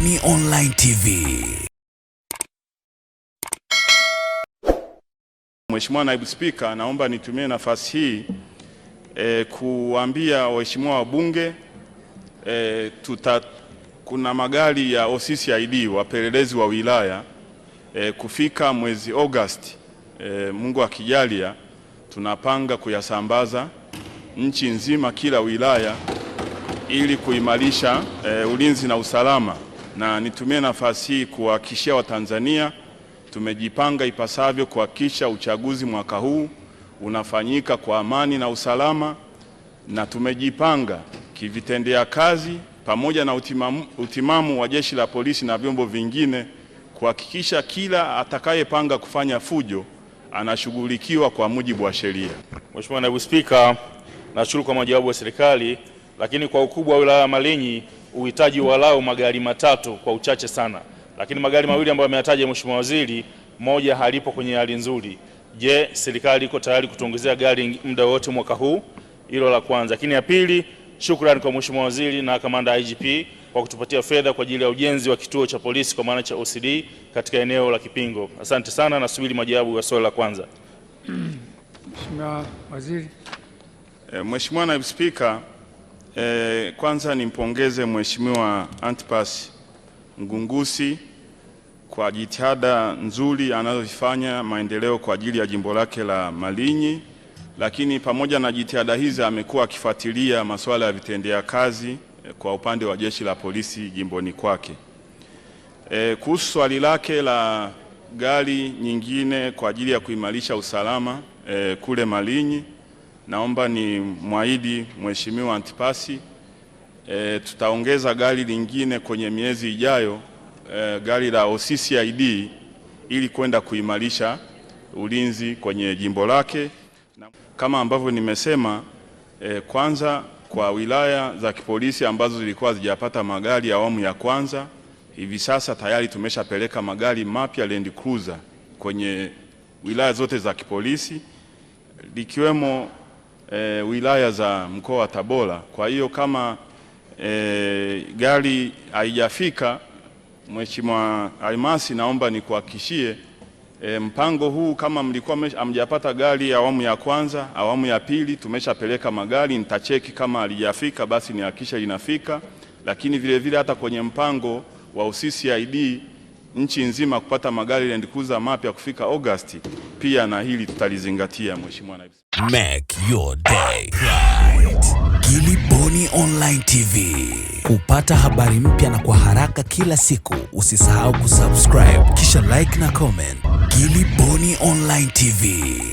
Boni Online TV. Mheshimiwa Naibu Spika, naomba nitumie nafasi hii e, kuambia waheshimiwa wabunge e, tuta, kuna magari ya OCCID wapelelezi wa wilaya e, kufika mwezi Agosti e, Mungu akijalia tunapanga kuyasambaza nchi nzima kila wilaya ili kuimarisha e, ulinzi na usalama na nitumie nafasi hii kuwahakikishia Watanzania tumejipanga ipasavyo kuhakikisha uchaguzi mwaka huu unafanyika kwa amani na usalama, na tumejipanga kivitendea kazi pamoja na utimamu, utimamu wa jeshi la polisi na vyombo vingine kuhakikisha kila atakayepanga kufanya fujo anashughulikiwa kwa mujibu wa sheria. Mheshimiwa Naibu Spika, nashukuru kwa majawabu ya serikali, lakini kwa ukubwa wa wilaya ya Malinyi uhitaji walau magari matatu kwa uchache sana, lakini magari mawili ambayo ameyataja Mheshimiwa Waziri, moja halipo kwenye hali nzuri. Je, serikali iko tayari kutuongezea gari muda wote mwaka huu? Hilo la kwanza. Lakini ya pili, shukrani kwa Mheshimiwa Waziri na kamanda IGP kwa kutupatia fedha kwa ajili ya ujenzi wa kituo cha polisi kwa maana cha OCD katika eneo la Kipingo. Asante sana, nasubiri majibu ya swali la kwanza. Mheshimiwa Waziri. Eh, Mheshimiwa Naibu Spika, E, kwanza nimpongeze Mheshimiwa Antipas Mgungusi kwa jitihada nzuri anazofanya maendeleo kwa ajili ya jimbo lake la Malinyi, lakini pamoja na jitihada hizi amekuwa akifuatilia masuala ya vitendea kazi eh, kwa upande wa jeshi la polisi jimboni kwake. Eh, kuhusu swali lake la gari nyingine kwa ajili ya kuimarisha usalama e, kule Malinyi naomba ni mwahidi Mheshimiwa Antipasi e, tutaongeza gari lingine kwenye miezi ijayo e, gari la OCCID ili kwenda kuimarisha ulinzi kwenye jimbo lake kama ambavyo nimesema e, kwanza kwa wilaya za kipolisi ambazo zilikuwa zijapata magari ya awamu ya kwanza, hivi sasa tayari tumeshapeleka magari mapya Land Cruiser kwenye wilaya zote za kipolisi likiwemo e, wilaya za mkoa wa Tabora. Kwa hiyo kama e, gari haijafika, Mheshimiwa Almasi, naomba nikuhakikishie e, mpango huu kama mlikuwa hamjapata gari awamu ya kwanza, awamu ya pili tumeshapeleka magari. Nitacheki kama alijafika basi nihakikisha linafika, lakini vilevile vile hata kwenye mpango wa UCCID nchi nzima kupata magari Land Cruiser mapya kufika Agosti. Pia na hili tutalizingatia, Mheshimiwa Naibu. Make your day bright. Gilly Bonny Online TV. Kupata habari mpya na kwa haraka kila siku, usisahau kusubscribe kisha like na comment. Gilly Bonny Online TV.